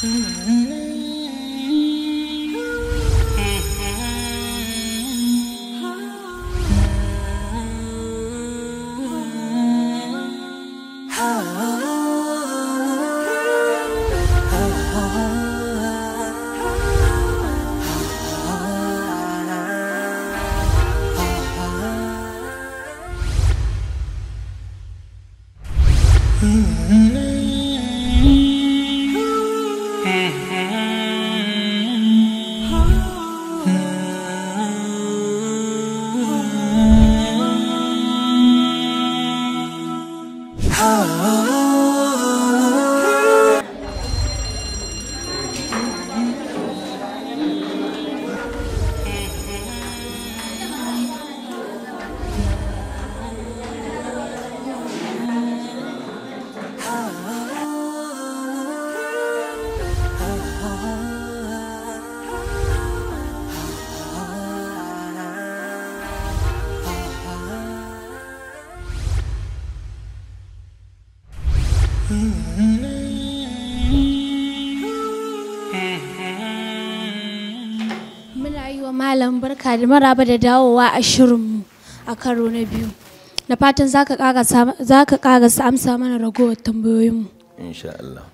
Mm-hmm. malam barka da maraba da dawowa a shirinmu a karo na biyu na fatan za ka karasa amsa mana ragowar tambayoyinmu insha Allah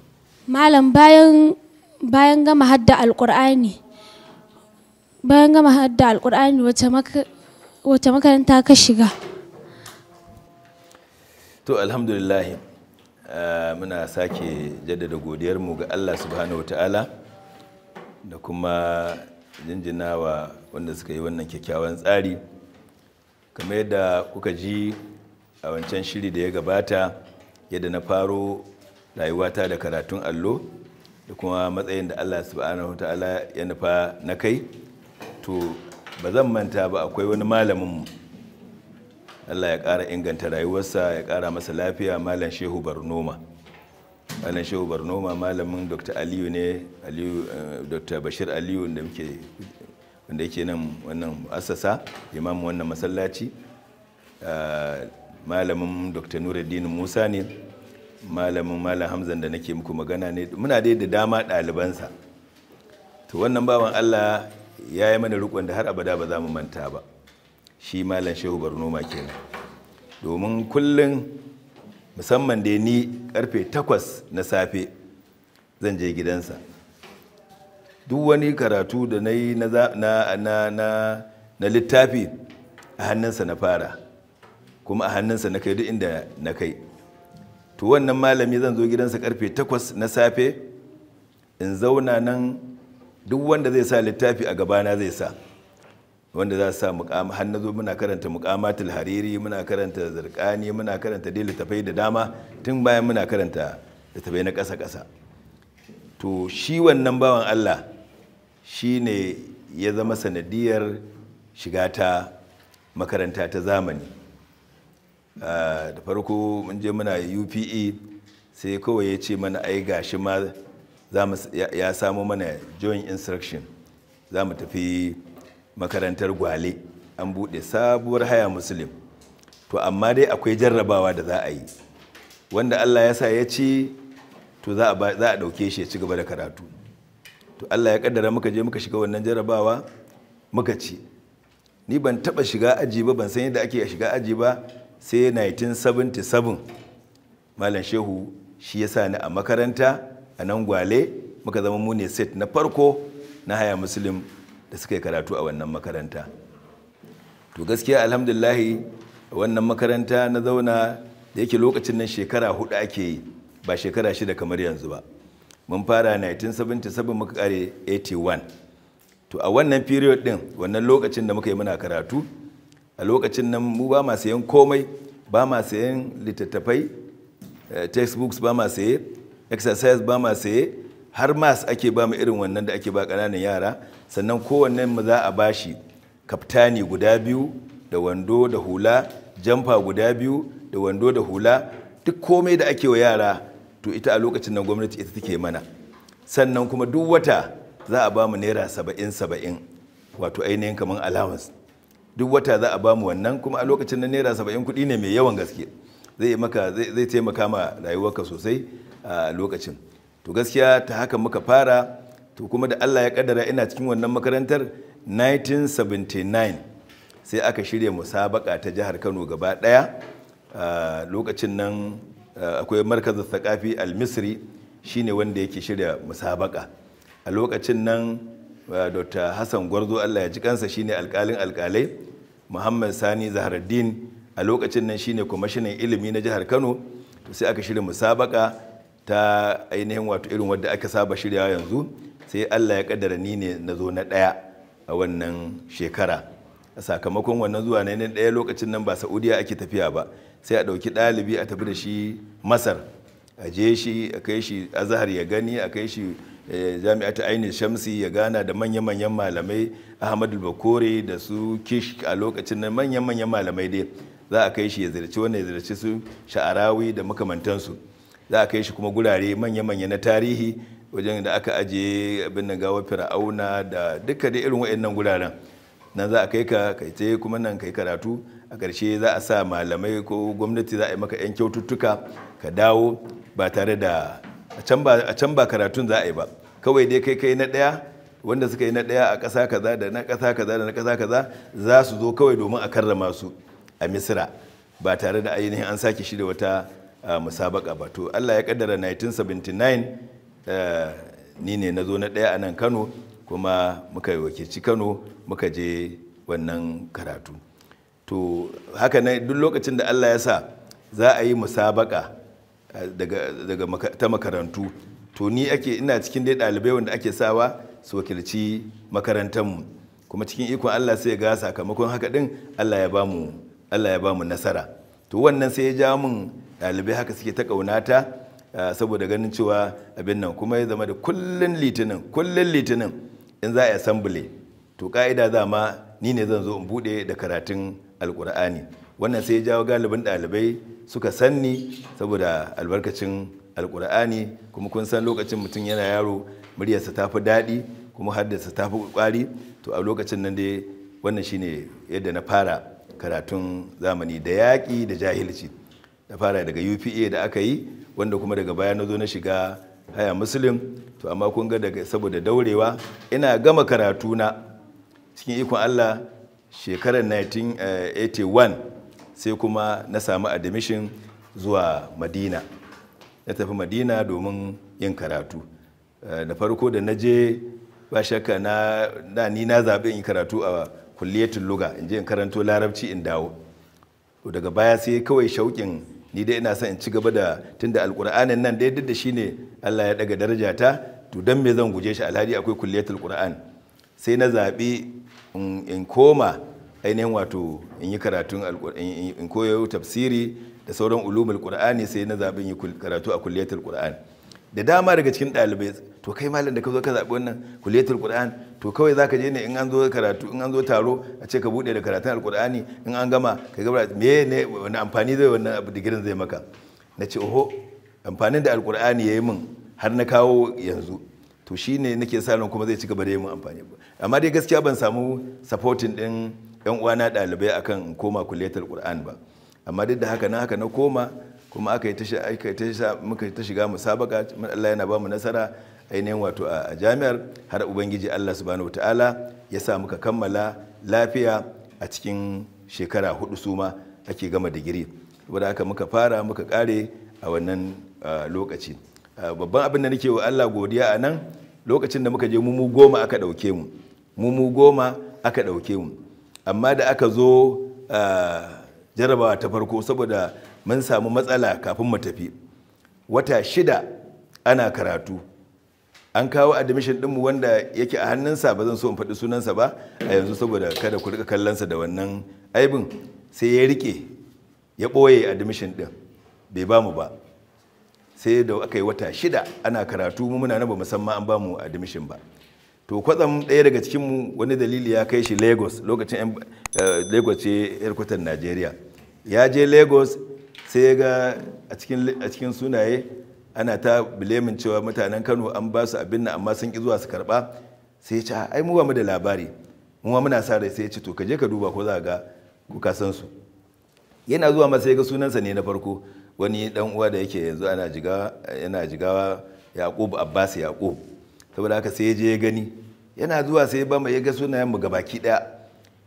malam bayan bayan gama hadda alkur'ani bayan gama hadda alkur'ani wace makaranta ka shiga to alhamdulillah eh, muna sake jaddada godiyarmu ga Allah subhanahu wa ta'ala da kuma jinjinawa wanda suka yi wannan kyakkyawan tsari kamar yadda kuka ji a wancan shiri da ya gabata yadda na faro rayuwata da karatun allo da kuma matsayin da allah subhanahu ta'ala ya nufa na kai to ba zan manta ba akwai wani malaminmu allah ya kara inganta rayuwarsa ya kara masa lafiya malam shehu barnoma malam shehu barnoma malamin dr aliyu ne eh, dr bashir aliyu da muke wanda yake nan wannan asasa imam wannan masallaci ah, malamin dr nuruddin musa ne malamin malam hamzan da nake muku magana ne muna dai da dama ɗalibansa to wannan bawan allah ya yi mana rikon da har abada ba za mu manta ba shi malam shehu barnoma kenan domin kullum musamman da ni karfe takwas na safe zan je gidansa duk wani karatu da na yi na littafi a hannunsa na fara kuma a hannunsa na kai duk inda na kai to wannan malami zan zo gidansa karfe takwas na safe in zauna nan duk wanda zai sa littafi a gabana zai sa wanda za sa har na zo muna karanta muqamatul hariri muna karanta zarkani muna karanta dai littafai da dama tun bayan muna karanta littafai na kasa-kasa to shi wannan bawan allah Shi ne ya zama sanadiyar shiga ta makaranta ta zamani ah, da farko mun je muna upe sai kawai ya ce mana ai gashi ma ya samo mana joint instruction za mu tafi makarantar gwale an buɗe sabuwar haya musulim. to amma dai akwai jarrabawa da za a yi wanda allah ya sa ya ce to za a ɗauke shi ya ci gaba da karatu to Allah ya kaddara muka je muka shiga wannan jarabawa muka ci ni ban taba shiga aji ba ban san yadda ake shiga aji ba sai 1977 malam shehu shi ya sa ni a makaranta a nan gwale muka zama mu ne set na farko na haya muslim da suka yi karatu a wannan makaranta to gaskiya alhamdulahi wannan makaranta na zauna da yake lokacin nan shekara hudu ake yi ba shekara shida kamar yanzu ba mun fara 1977 muka kare 81 to a wannan period din wannan lokacin da muka yi muna karatu a lokacin nan mu ba ma sayan komai ba ma sayan littattafai eh, textbooks ba ma saye exercise ba ma yi har mas ake ba mu irin wannan da ake ba kananan yara sannan kowanne mu za a bashi kaftani guda biyu da wando da hula jamfa guda biyu da wando da hula duk komai da ake wa yara to ita a lokacin nan gwamnati ita take mana sannan kuma duk wata za a bamu naira saba'in saba'in wato ainihin kamar allowance duk wata za a bamu wannan kuma a lokacin na naira saba'in kuɗi ne mai yawan gaske zai maka taimaka ma rayuwarka sosai a lokacin to gaskiya ta haka muka fara to kuma da Allah ya kaddara ina cikin wannan makarantar 1979 sai aka shirya musabaka ta jihar Kano gaba daya lokacin nan Eh, akwai markazin sakafi al-misri shine wanda yake shirya musabaka a lokacin nan eh, dr hassan gwarzo allah ya ji kansa shine alkalin alkalai muhammad sani zahardin a lokacin nan shine kwamishinan ilimi na jihar kano sai aka shirya musabaka ta ainihin wato irin wadda aka saba shiryawa yanzu sai allah ya kaddara ni ne na zo na daya a wannan shekara sakamakon wannan zuwa na daya lokacin nan ba saudiya ake tafiya ba sai a ɗauki ɗalibi a tafi da shi masar a je shi a kai shi azahar ya gani a kai shi eh, jami'ata ainihin shamsi ya gana da manya-manyan malamai ahmadu bakore da su kish a lokacin na manya-manyan malamai dai za a kai shi ya zirci wani ya zirci su sha'arawi da makamantansu za a kai shi kuma gurare manya-manya na tarihi wajen da aka ajiye abin da gawa fir'auna da duka da irin nan guraren nan za a kai ka kai ce kuma nan kai karatu a ƙarshe za a sa malamai ko gwamnati za a yi maka 'yan kyaututtuka ka dawo ba tare da a can ba karatun za a yi ba kawai dai kai kai na ɗaya wanda suka yi na ɗaya a ƙasa kaza da na ƙasa kaza da na ƙasa kaza za su zo kawai domin a karrama su a misira ba tare da ainihin an sake da wata musabaka ba to allah ya kaddara 1979 eh, ni ne na zo na ɗaya a nan kano kuma muka wakilci kano muka je wannan karatu to haka ne duk lokacin da Allah ya sa za a yi musabaka eh, daga ta makarantu to ni ake ina cikin dai ɗalibai wanda ake sawa su wakilci mu kuma cikin ikon Allah sai ya ga sakamakon haka din Allah ya bamu Allah ya bamu nasara to wannan sai ya ja mun ɗalibai haka suke ta ƙaunata eh, saboda ganin cewa abin nan kuma ya zama da kullun litinin kullun litinin in za a assembly to ka'ida za ma ni ne zan zo in buɗe da karatun alkur'ani wannan sai ya jawo galibin ɗalibai suka sanni saboda albarkacin alkur'ani kuma kun san lokacin mutum yana yaro muryarsa ta fi daɗi kuma haddasa ta fi ƙwari to a lokacin nan dai wannan shine yadda na fara karatun zamani da yaƙi da jahilci da fara daga upa da aka yi wanda kuma daga baya na zo na shiga haya muslim to amma kun ga daga saboda daurewa ina gama karatuna cikin ikon allah shekarar 1981 eh, sai kuma na samu admission zuwa madina na tafi madina domin yin karatu eh, da farko da na je ba shakka na ni na zaɓi yin karatu a kulliyatun luga in je in karanto larabci in dawo daga baya sai kawai shauƙin ni dai ina son in ci gaba da tunda alƙur'anin nan dai duk da ne Allah ya daga daraja ta to don me zan guje shi Alhaji akwai kulliyatul qur'an sai na zaɓi in koma ainihin wato in yi karatun in koyo tafsiri da sauran ulumul qur'ani sai na zaɓin yi karatu a kulliyatul qur'an da dama daga cikin ɗalibai to kai malam da ka zo ka zaɓi wannan kulliyatul qur'an to kawai ka je ne in an zo karatu in an zo taro a ce ka bude da karatun alqur'ani in an gama ka gaba me ne wani amfani zai wannan abu digirin zai maka na ce oho amfanin da alqur'ani yayi min har na kawo yanzu to shi ne nake sa kuma zai ci gaba da yin amfani amma dai gaskiya ban samu supporting din yan uwana ɗalibai akan in koma kulliyatul qur'an ba amma duk da haka na haka na koma kuma aka yi ta aka ta muka ta shiga musabaka Allah yana ba mu nasara ainihin wato a jami'ar har ubangiji Allah subhanahu wataala ya sa muka kammala lafiya a cikin shekara hudu suma ake gama digiri saboda haka muka fara muka kare a wannan lokaci babban abin da nake wa Allah godiya a nan lokacin da muka je mu goma aka ɗauke mu mumu goma aka ɗauke mu amma da aka zo jarabawa ta farko saboda mun samu matsala kafin mu tafi wata shida ana karatu an kawo admission ɗinmu wanda yake a hannunsa ba zan so in faɗi sunansa ba a yanzu saboda kada ku rika kallonsa da wannan aibin sai ya rike ya ɓoye admission ɗin bai ba mu ba sai da aka yi wata shida ana karatu mu muna na ba musamman an ba mu admission ba to kwatsam ɗaya daga cikinmu wani dalili ya kai shi lagos lokacin eh, lagos ce yarkutan najeriya ya je lagos sai ga a cikin sunaye ana ta bilemin cewa mutanen kano an ba su abin nan amma sun ki zuwa su karba sai ce ai mu ba mu da labari mu ma muna sa rai sai ce to ka je ka duba ko za ga ka san su yana zuwa ma sai ga sunansa ne na farko wani dan uwa da yake yanzu ana jigawa yana jigawa yaqub abbas yaqub saboda haka sai je ya gani yana zuwa sai ya bamu ya ga sunayen mu gabaki daya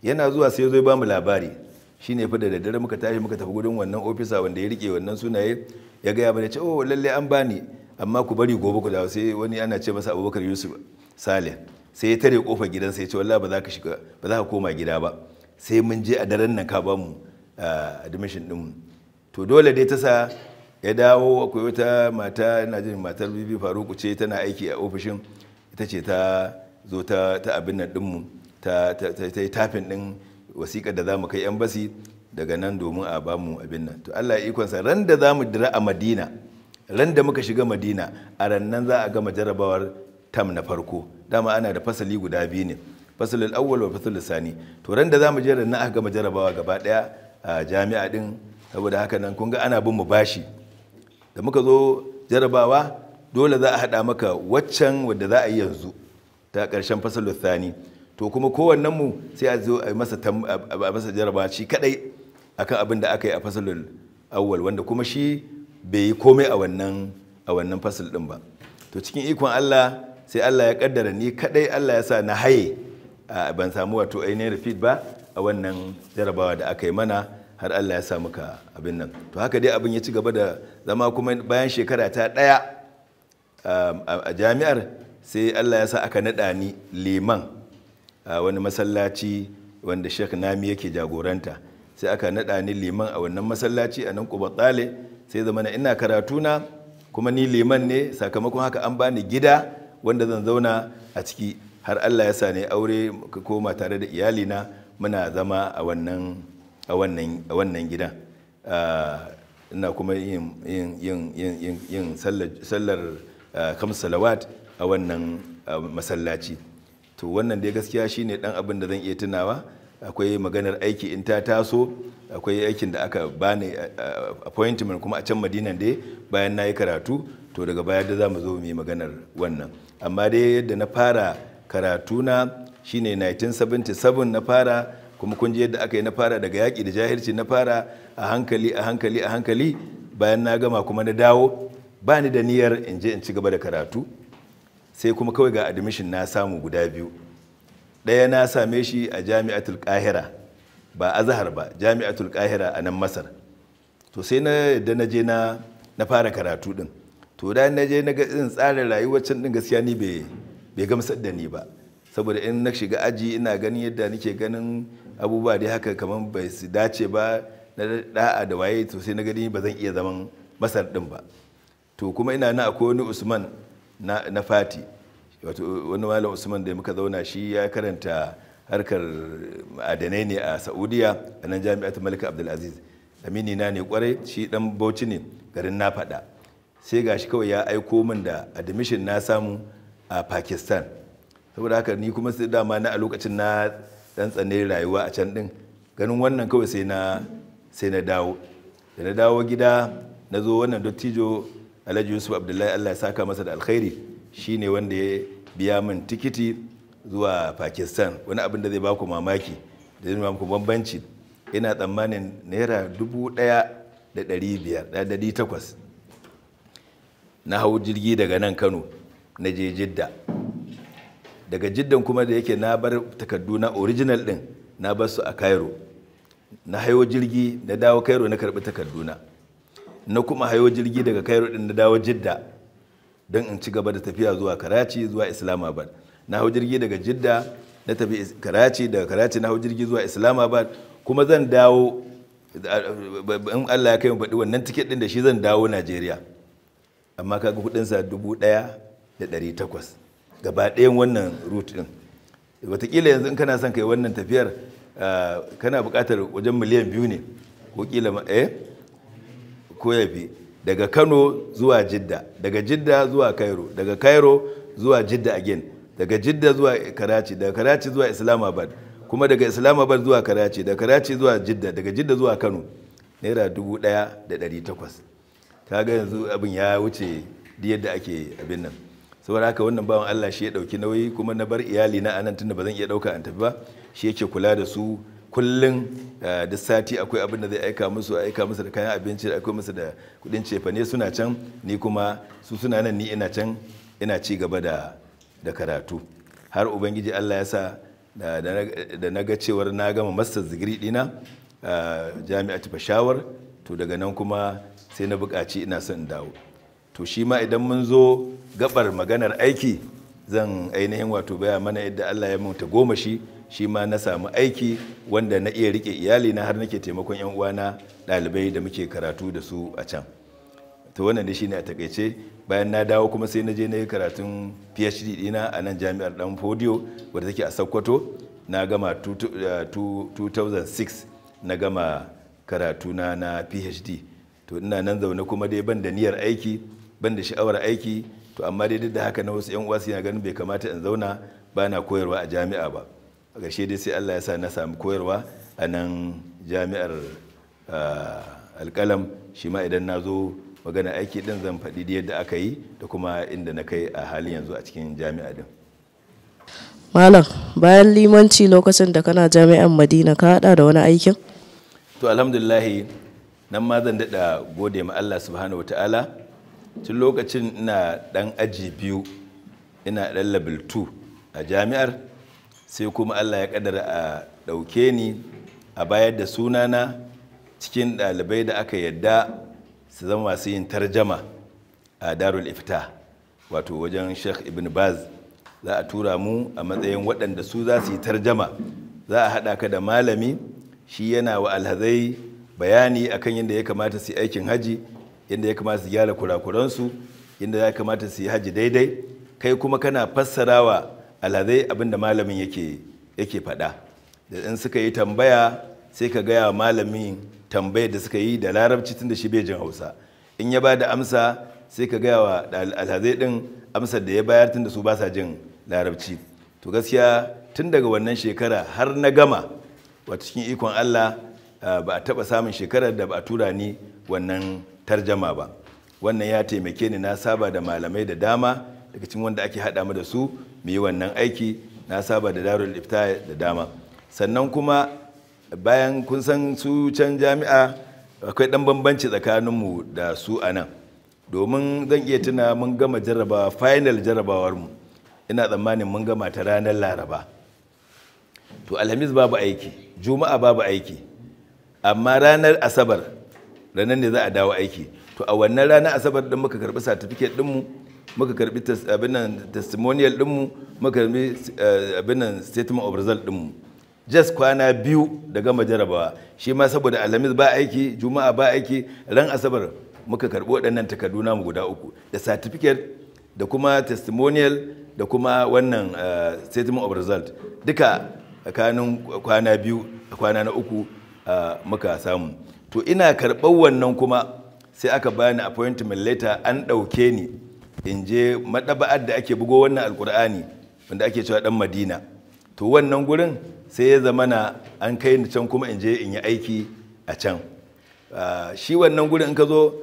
yana zuwa sai ya zo ya bamu labari shine fa da daddare muka tashi muka tafi gurin wannan ofisa wanda ya rike wannan sunaye ya ga ya bane ce oh lalle an bani amma ku bari gobe ku dawo sai wani ana ce masa Abubakar Yusuf salih sai ya tare kofar gidan sai ya ce wallahi ba za ka shiga ba za ka koma gida ba sai mun je a daren nan ka bamu ah, admission din to dole dai ta sa ya dawo akwai wata mata na jin matar bibi faruku ce tana aiki a ofishin ita ce ta zo ta abin nan dinmu ta yi tafin din wasiƙar da za mu kai yan basi daga nan domin a ba mu abin nan to Allah ya ikonsa ran da za mu dira a Madina ran da muka shiga Madina a ran nan za a gama jarabawar tam na farko dama ana da fasali guda biyu ne fasalul awwal wa fasalul sani to ran da za mu je nan aka gama jarabawa gaba daya a jami'a din saboda haka nan kun ga ana bin mu bashi da muka zo jarabawa dole za a haɗa maka waccan wadda za a yi yanzu ta ƙarshen fasalin thani to kuma kowannen mu sai a zo a masa masa jarabawa shi kadai akan abin da aka yi a fasalin awwal wanda kuma shi bai yi komai a wannan a wannan fasal din ba to cikin ikon Allah sai Allah ya kaddara ni kadai Allah ya sa na haye ban samu wato ainihin rafid ba a wannan jarabawa da aka yi mana har Allah ya sa ka abin nan to haka dai abin ya ci gaba da zama kuma bayan shekara ta ɗaya um, a jami'ar sai Allah ya sa aka naɗa ni liman a wani masallaci wanda Sheikh Nami yake jagoranta sai aka naɗa ni liman a wannan masallaci a nan Kubatale sai zama na ina karatuna kuma ni liman ne sakamakon haka an bani gida wanda zan zauna a ciki har Allah ya sa ne aure koma tare da iyalina muna zama a wannan a wannan gidan ah, ina kuma yin sallar ah, kam salawat a wannan masallaci to wannan dai gaskiya shine dan abin da zan iya tunawa akwai maganar aiki in ta taso akwai aikin da aka bani appointment kuma a can madinan dai bayan na yi karatu to daga baya da za mu zo mu yi maganar wannan amma dai yadda na fara karatu na shine 1977 na fara kuma kun ji yadda aka yi na fara daga yaƙi da jahilci na fara a hankali a hankali a hankali bayan na gama kuma na dawo ba ni da niyyar in je in ci gaba da karatu sai kuma kawai ga admission na samu guda biyu ɗaya na same shi a jami'atul kahira ba azhar ba jami'atul kahira a nan masar to sai na yadda na je na fara karatu din to da na je na ga in tsarin rayuwar can din gaskiya ni bai gamsar da ni ba saboda in na shiga aji ina ganin yadda nake ganin abubuwa dai haka kamar bai su dace ba na da'a da waye to sai na gani ba zan iya zaman masar din ba to kuma ina na akwai wani usman na fati wato wani malam usman da muka zauna shi ya karanta harkar ma'adanai ne a saudiya a nan ta malik abdulaziz amini na ne kwarai shi dan bauchi ne garin na faɗa sai gashi kawai ya aiko min da admission na samu a pakistan saboda haka ni kuma dama na a lokacin na dan tsantsane rayuwa a can din ganin wannan kawai sai na sai na dawo da na dawo gida na zo wannan dattijo alhaji yusuf abdullahi allah ya saka masa da alkhairi shine wanda ya biya min tikiti zuwa pakistan wani abin da zai baku mamaki da zai baku bambanci ina tsammanin naira dubu daya da dari biyar da dari takwas na hau jirgi daga nan kano na je jidda daga jiddan kuma da yake na bar takardu na original din na bar su a cairo na hayo jirgi na dawo cairo na karbi takarduna na kuma hayo jirgi daga cairo din na dawo jidda don in ci gaba da tafiya zuwa karachi zuwa islamabad na hau jirgi daga jidda na tafi karachi daga karachi na hau jirgi zuwa islamabad kuma zan dawo in allah ya kai mu faɗi wannan tiket din da shi zan dawo nigeria amma kaga kuɗinsa dubu ɗaya da ɗari takwas gaba ɗayan wannan route din watakila yanzu in kana son kai wannan tafiyar eh, kana buƙatar wajen miliyan biyu ne ko kila eh ko ya fi daga kano zuwa jidda daga jidda zuwa cairo daga cairo zuwa jidda again daga jidda zuwa karachi daga karachi zuwa islamabad kuma daga islamabad zuwa karachi daga karachi zuwa jidda daga jidda zuwa kano naira dubu ɗaya da ɗari takwas ga yanzu abin ya wuce yadda ake abin nan saboda haka wannan bawan Allah shi ya dauki nauyi kuma na bar iyali na anan tunda ba zan iya dauka an tafi ba shi yake kula da su kullum eh, da sati akwai abin da zai aika musu aika musu da kayan abinci akwai musu da kudin cefane suna can ni kuma su suna nan ni ina can ina ci gaba da da karatu har ubangiji Allah ya sa da na ga cewar na gama master degree dina eh, jami'at bashawar to daga nan kuma sai na buƙaci ina son in dawo to shi ma idan mun zo gabar maganar aiki zan ainihin wato baya mana yadda Allah ya mauta goma shi shi ma na samu aiki wanda na iya rike iyali na har nake taimakon yan uwana ɗalibai da muke karatu da su a can to wannan ne shine a takaice bayan na dawo kuma sai na je na yi karatun PhD dina a nan jami'ar Dan Fodio wadda take a Sokoto na gama 2006 eh, na gama karatuna na PhD to ina nan zaune kuma dai ban da niyyar aiki ban da sha'awar aiki to amma dai duk da haka na wasu 'yan uwa suna ganin bai kamata in zauna ba na koyarwa a jami'a ba a ƙarshe dai sai allah ya sa na samu koyarwa a nan jami'ar ah, alƙalam shi ma idan na zo magana aiki din zan faɗi da yadda aka yi da kuma inda na kai a halin yanzu a cikin jami'a din malam bayan limanci lokacin da kana jami'an madina ka hada da wani aikin to alhamdulilahi nan ma zan daɗa gode ma allah subhanahu wa ta'ala tun lokacin ina dan aji biyu ina dan level 2 a jami'ar sai kuma allah ya kadara a dauke ni a bayar da sunana cikin ɗalibai da aka yadda su zama masu yin tarjama a darul ifta wato wajen sheikh ibn baz za a tura mu a matsayin waɗanda su za su yi tarjama za a haɗa ka da malami shi yana wa alhazai bayani akan yadda ya kamata su yi aikin haji inda ya kamata su gyara kurakuransu inda ya kamata su yi haji daidai kai kuma kana fassarawa alhazai abin da malamin yake faɗa da in suka yi tambaya sai ka gaya malamin tambayar da suka yi da larabci tun da shi bai jin hausa in ya ba da amsa sai ka gaya wa alhazai ɗin amsar da ya bayar tun da su ba jin larabci to gaskiya tun daga wannan shekara har na gama wata cikin ikon allah ah, ba a taɓa samun shekarar da ba a tura ni wannan tarjama ba wannan ya taimake ni na saba da malamai da dama daga cikin wanda ake haɗa mu da su mu yi wannan aiki na saba da darul ifta da dama sannan kuma bayan kun san su can jami'a akwai ɗan bambanci tsakaninmu da su a nan domin zan iya tuna mun gama jarrabawa final jarrabawarmu ina tsammanin mun gama ta ranar laraba to alhamis babu aiki juma'a babu aiki amma ranar asabar ranar ne za a dawo aiki to a wannan rana asabar din muka karbi certificate dinmu muka karbi abin nan testimonial dinmu muka karbi eh, abin nan statement of result dinmu just kwana biyu da gama jarabawa shi ma saboda alhamis ba aiki juma'a ba aiki ran asabar muka karbi waɗannan takardu namu guda uku da certificate da kuma testimonial da kuma wannan eh, statement of result duka tsakanin kwana biyu kwana na uku eh, muka samu to ina karɓar wannan kuma sai aka bani appointment letter an ɗauke ni in je maɗaba'ar da ake bugo wannan alkur'ani wanda ake cewa ɗan madina to wannan gurin sai ya zama na an kai ni can kuma in je in yi aiki a can ah, shi wannan gurin in ka zo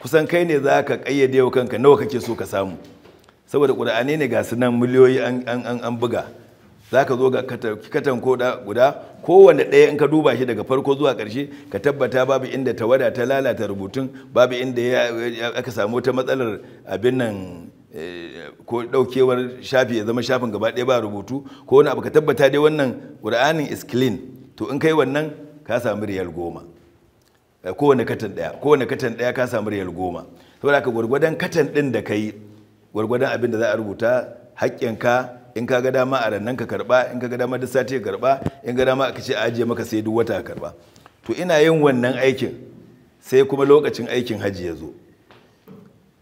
kusan kai ne za ka kayyade wa kanka nawa kake so ka samu saboda ƙur'ani ne ga su nan miliyoyi an buga za ka zo ga katan koda guda kowane ɗaya in ka duba shi daga farko zuwa ƙarshe ka tabbata babu inda tawada ta lalata rubutun babu inda aka samu ta matsalar abin nan eh, ko ɗaukewar shafi ya zama shafin gaba ɗaya ba rubutu ko wani abu ka tabbata dai wannan ƙur'anin is clean to in kai wannan ka samu riyal goma eh, kowane katan ɗaya kowane katan ɗaya ka samu riyal goma saboda ka gwargwadon katan ɗin da ka yi gwargwadon abin da za a rubuta haƙƙinka in ka ga dama a rannan ka karba in ka ga dama duk sati ka karba in ga dama aka ce a ajiye maka sai duk wata ka karba to ina yin wannan aikin sai kuma lokacin aikin hajji ya zo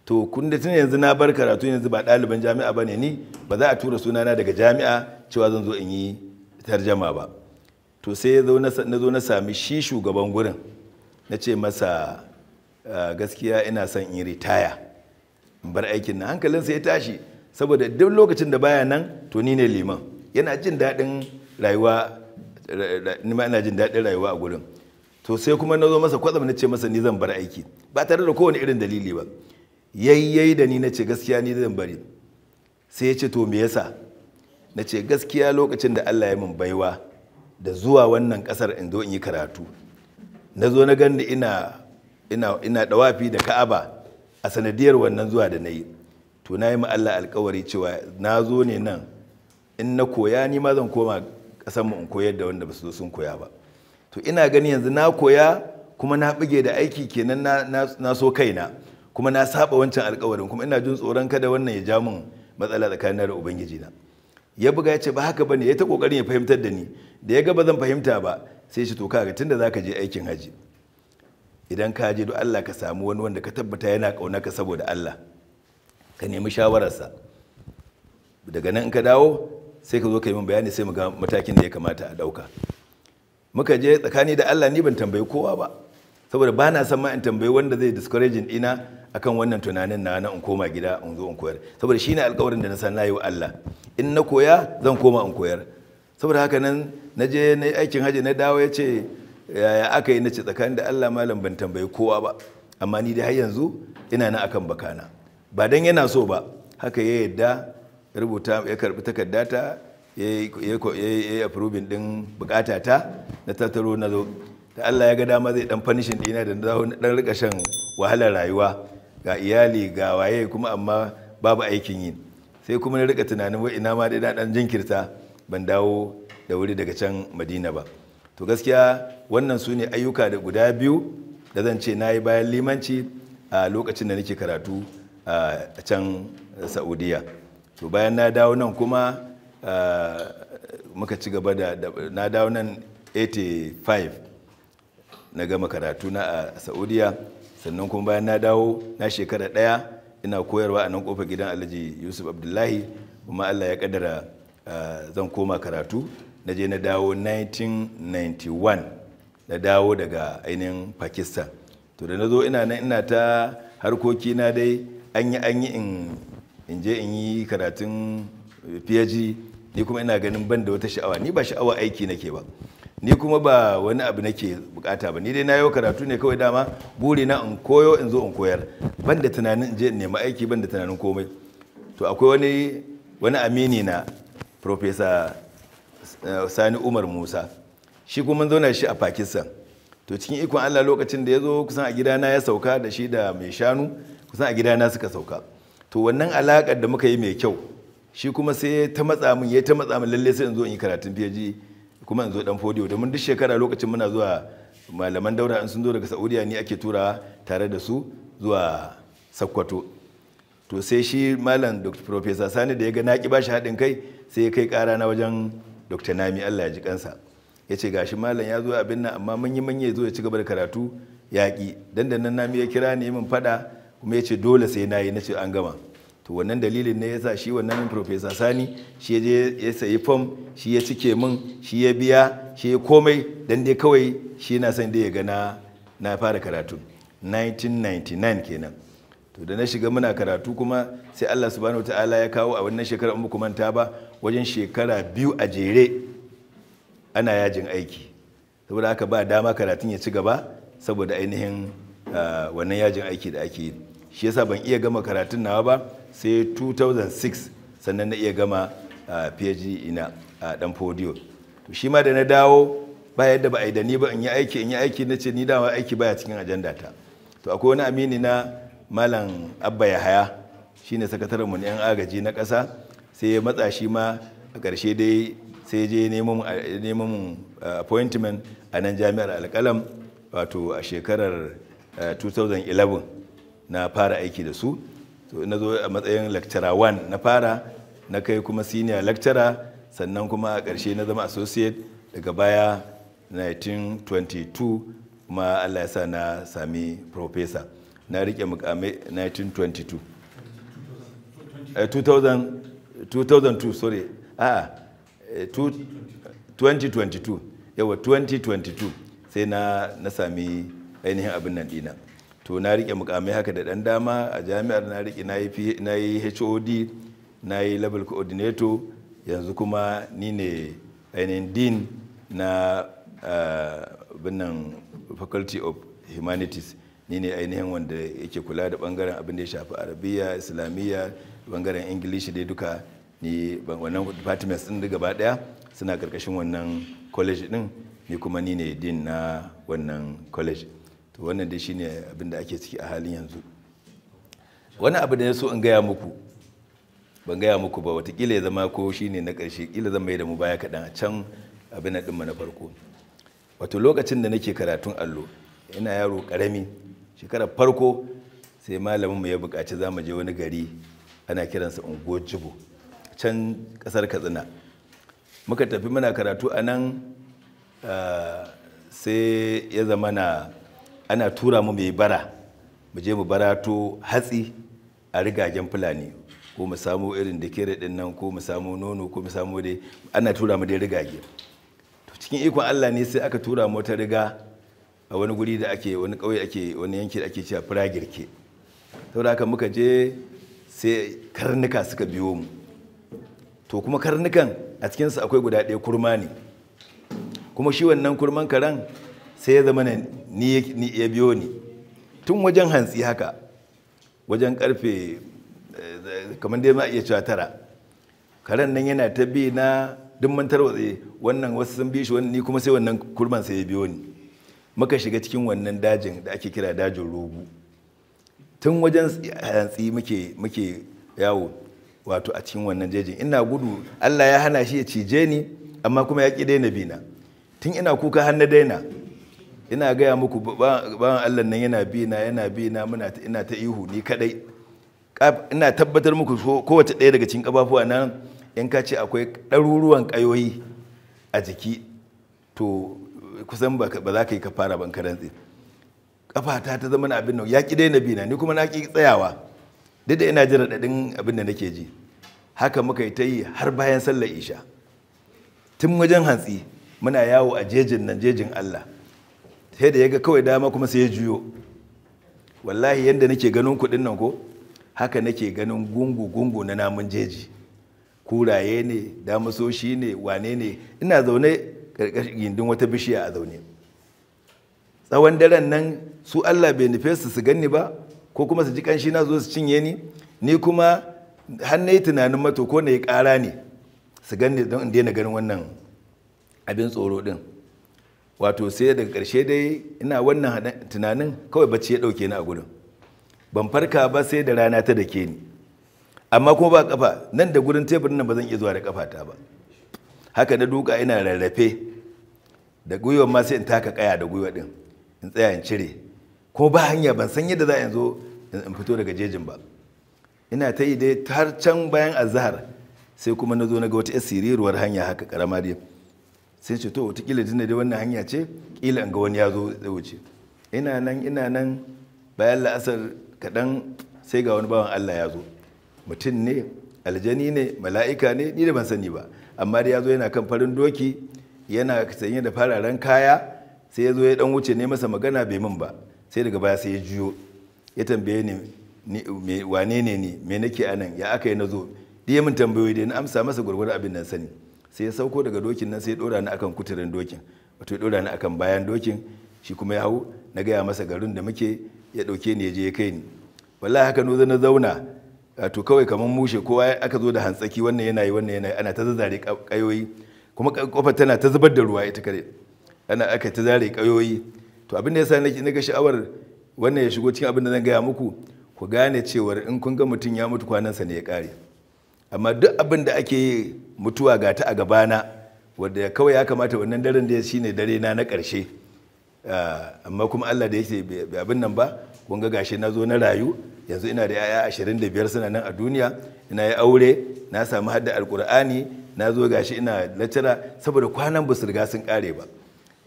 to kun da tun yanzu na bar karatu yanzu ba ɗaliban jami'a ba ne ni ba za a tura sunana daga jami'a cewa zan zo in yi tarjama ba to sai ya na zo na sami shi shugaban gurin na ce masa ah, gaskiya ina son in ritaya in bar aikin na hankalinsa ya tashi saboda duk lokacin da baya nan to ni ne liman yana jin daɗin rayuwa ni ma ina jin daɗin rayuwa a gurin to sai kuma na zo masa kwatsam na ce masa ni zan bar aiki ba tare da kowane irin dalili ba yayyayi da ni na ce gaskiya ni zan bari sai ya ce to me yasa na ce gaskiya lokacin da Allah ya min baiwa da zuwa wannan kasar in zo in yi karatu na zo na gani ina ina ina dawafi da Ka'aba a sanadiyar wannan zuwa da na yi to na yi ma Allah alkawari cewa na zo ne nan in na koya ni ma zan koma ƙasar mu in koyar da wanda ba su zo sun koya ba to ina gani yanzu na koya kuma na bige da aiki kenan na so kaina kuma na saba wancan alkawarin kuma ina jin tsoron kada wannan ya ja min matsala tsakanin da ubangiji na ya buga ya ce ba haka bane ya ta kokarin ya fahimtar da ni da ya ga ba zan fahimta ba sai shi to kaga tunda zaka je aikin haji idan ka je don Allah ka samu wani wanda ka tabbata yana kaunaka saboda Allah ka nemi shawararsa daga nan in ka dawo sai ka zo ka yi min bayani sai mu ga matakin da ya kamata a ɗauka muka je tsakani da Allah ni ban tambayi kowa ba saboda ba na son ma in tambayi wanda zai discouraging ina akan wannan tunanin na na in koma gida in zo in koyar saboda shi ne alkawarin da na san nayi wa Allah in na koya zan koma in koyar saboda haka nan na je na yi aikin hajja na dawo ya ce yaya aka yi na ce tsakani da Allah malam ban tambayi kowa ba amma ni dai har yanzu ina na akan bakana ba dan yana so ba haka ya yadda rubuta ya karbi takarda ta ya yi approving din bukata ta na tattaro na zo ta Allah ya ga dama zai dan fanishin dina da dan rika shan wahalar rayuwa ga iyali ga waye kuma amma babu aikin yi sai kuma na rika tunanin wai ina ma dai na dan jinkirta ban dawo da wuri daga can Madina ba to gaskiya wannan su ne ayyuka da guda biyu da zan ce na yi bayan limanci a lokacin da nake karatu a can saudiya to bayan na dawo nan kuma muka ci gaba da na dawo nan 85 na gama karatu na a saudiya sannan kuma bayan na dawo na shekara ɗaya ina koyarwa a nan kofar gidan alhaji yusuf abdullahi kuma allah ya kadara zan koma karatu na je na dawo 1991 na dawo daga ainihin pakistan to da na zo ina nan ina ta harkoki na dai an yi an yi in je in yi karatun phd ni kuma ina ganin ban da wata sha'awa ni ba sha'awa aiki nake ba ni kuma ba wani abu nake bukata ba ni dai na yi karatu ne kawai dama buri na in koyo in zo in koyar ban da tunanin in je in nemi aiki ban da tunanin komai to akwai wani wani amini na profesa eh, sani umar musa shi kuma zauna shi a pakistan to cikin ikon allah lokacin da ya zo kusan a gidana ya sauka da shi da mai shanu kusan a gidana suka sauka to wannan alaƙar da muka yi mai kyau shi kuma sai ta matsa min ya ta matsa min lalle sai in zo in yi karatun PhD kuma in zo dan fodiyo domin duk shekara lokacin muna zuwa malaman daura in sun zo daga Saudiya ni ake tura tare da su zuwa Sokoto to sai shi malam Dr. Professor Sani da ya ga naki bashi haɗin kai sai ya kai ƙara na wajen Dr. Nami Allah ya ji kansa ya ce gashi malam ya zo abin nan amma mun yi manya ya zo ya ci gaba da karatu yaƙi dandanan Nami ya kira ni min faɗa kuma ya ce dole sai na yi na ce an gama to wannan dalilin ne ya sa shi wannan professor sani shi je ya sayi fom shi ya cike min shi ya biya shi ya komai dan dai kawai shi na son dai ya gana na fara karatu 1999 kenan to da na shiga muna karatu kuma sai Allah subhanahu ta'ala ya kawo a wannan shekarar kuma manta ba wajen shekara biyu a jere ana yajin aiki saboda haka ba dama karatun ya ci gaba saboda ainihin ah, wannan yajin aiki da ake yi shi yasa ban iya gama karatun nawa ba sai 2006 sannan na iya gama phd ina a dan podio to shi ma da na dawo ba yadda ba a yi da ni ba in yi aiki in yi aiki na ce ni dama aiki baya cikin ajanda ta to akwai wani amini na malam abba yahaya ne sakataren mu yan agaji na kasa sai ya matsa shi ma a ƙarshe dai sai je neman appointment a nan jami'ar alkalam wato a shekarar 2011 na fara aiki da su to na zo a matsayin lecturer 1 na fara na kai kuma senior lecturer sannan kuma a ƙarshe na zama associate daga baya 1922 kuma allah ya sa na sami professor na rike mukame 1922 2002 sorry a 2022 eh, yawa 2022 sai na sami ainihin abin nan dina to na rike mukamai haka da dan dama a jami'ar na rike na yi hod na yi level coordinator yanzu kuma ni ne ainihin dean na eh, binnan faculty of humanities ni ne ainihin wanda yake kula da bangaren abin da ya shafi arabiya islamiyya bangaren ingilishi dai duka ni wannan departments din gaba daya suna karkashin wannan college din ni kuma ni ne din na wannan college wannan dai shine abin da ake ciki a halin yanzu wani abu da ya so in gaya muku ban gaya muku ba watakila ya zama ko shine na ƙarshe kila zan mai da mu baya kaɗan a can abin na ɗinmu na farko wato lokacin da nake karatun allo ina yaro ƙarami shekarar farko sai malamin mu ya buƙaci za mu je wani gari ana kiransa unguwar can ƙasar katsina muka tafi muna karatu anan ah, sai ya zama na ana tura mu mai bara mu je mu barato hatsi a rigagen fulani ko mu samu irin da kere din nan ko mu samu nono ko mu samu dai ana tura mu dai rigage to cikin ikon Allah ne sai aka tura mu ta riga a wani guri da ake wani kauye ake wani yanki da ake cewa firagirke saboda haka muka je sai karnuka suka biyo mu to kuma karnukan a cikinsu akwai guda ɗaya kurma ne kuma shi wannan kurman karen sai ya zama ni ya biyo ni tun wajen hantsi haka wajen karfe eh, kamar dai ma iya cewa tara karen nan yana ta bi na duk man tarwatse wannan wasu sun bi shi wannan ni kuma sai wannan kurman sai ya biyo ni muka shiga cikin wannan dajin da ake kira dajin rogu tun wajen hantsi muke muke yawo wato a cikin wannan jejin ina gudu Allah ya hana shi ya cije ni amma kuma ya ƙi daina bina tun ina kuka har na daina ina gaya muku bayan allah nan yana bi na yana bi na muna ina ta ihu ni kadai ina tabbatar muku kowace ɗaya daga cikin kafafuwa nan in ka ce akwai ɗaruruwan ƙayoyi a jiki to kusan ba za ka yi ka fara ban karantsi kafata ta zama abin nan ya dai na bi na ni kuma na ƙi tsayawa duk da ina jin raɗaɗin abin da nake ji haka muka yi ta yi har bayan sallar isha tun wajen hantsi muna yawo a jejin nan jejin allah sai da ya ga kawai dama kuma sai ya juyo wallahi yadda nake ganin kuɗin nan ko haka nake ganin gungu-gungu na namun jeji kuraye ne damasoshi ne wane ne ina zaune ƙarƙashin gindin wata bishiya a zaune tsawon daren nan su allah bai nufe su su ganni ba ko kuma su ji kanshi na zo su cinye ni ni kuma har tunanin mato ko na yi ƙara ne su ganni don in daina ganin wannan abin tsoro din wato sai daga ƙarshe dai ina wannan tunanin kawai bacci ya ɗauke ni a gurin ban farka ba sai da rana ta dake ni amma kuma ba kafa nan da gurin teburin nan ba zan iya zuwa da kafata ba haka na duka ina rarrafe da gwiwa ma sai in taka kaya da gwiwa din in tsaya in cire ko ba hanya ban san yadda za in zo in fito daga jejin ba ina ta yi dai har can bayan azhar sai kuma na zo na ga wata siriruwar hanya haka karama dai sai ce to watakila tunda da wannan hanya ce kila ga wani ya zo da wuce ina nan ina nan bayan la'asar kaɗan sai ga wani bawan allah ya zo mutum ne aljani ne mala'ika ne ni da ban sani ba amma da ya zo yana kan farin doki yana sanye da fararen kaya sai ya zo ya dan wuce ne masa magana bai min ba sai daga baya sai ya juyo ya tambaye ni wane ne ni me nake anan ya aka yi na zo duk ya min tambayoyi dai na amsa masa gwargwaro abin nan sani sai ya sauko daga dokin nan sai ya dora ni akan kuturin dokin wato ya dora ni akan bayan dokin shi kuma ya hau na gaya masa garin da muke ya dauke ni ya je ya kai ni wallahi haka nozo na zauna wato kawai kamar mushe kowa aka zo da hantsaki wannan yana yi wannan yana yi ana ta zazzare kayoyi kuma kofar tana ta zubar da ruwa ita kare ana aka ta zare kayoyi to abin da yasa nake naga sha'awar wannan ya shigo cikin abin da zan gaya muku ku gane cewar in kun ga mutum ya mutu kwanansa ne ya kare amma duk abin da ake mutuwa ga ta a gabana wadda kawai ya kamata wannan daren da shi ne dare na na ƙarshe ah, amma kuma allah da yake abin nan ba kunga gashi na zo na rayu yanzu ina da 'ya'ya da 25 suna nan a duniya ina yi aure na samu hadda alkur'ani na zo gashi ina latira saboda kwanan ba su riga sun kare ba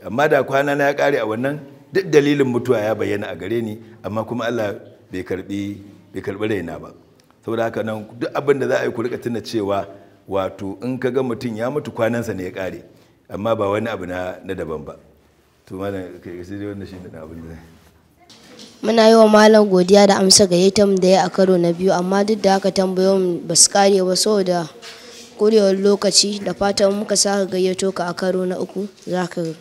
amma da kwana na ya kare a wannan duk dalilin mutuwa ya bayyana a gare ni amma kuma allah bai karbi bai karbi raina ba saboda haka nan duk abin da za a yi ku rika tuna cewa wato in ka ga mutum ya mutu kwanansa ne ya kare amma ba wani abu na daban ba muna yi wa malam godiya da amsa gayyatar da ya a karo na biyu amma duk da haka tambayoyin ba su kare ba saboda kurewar lokaci da fatan muka saka gayyato ka a karo na uku za ka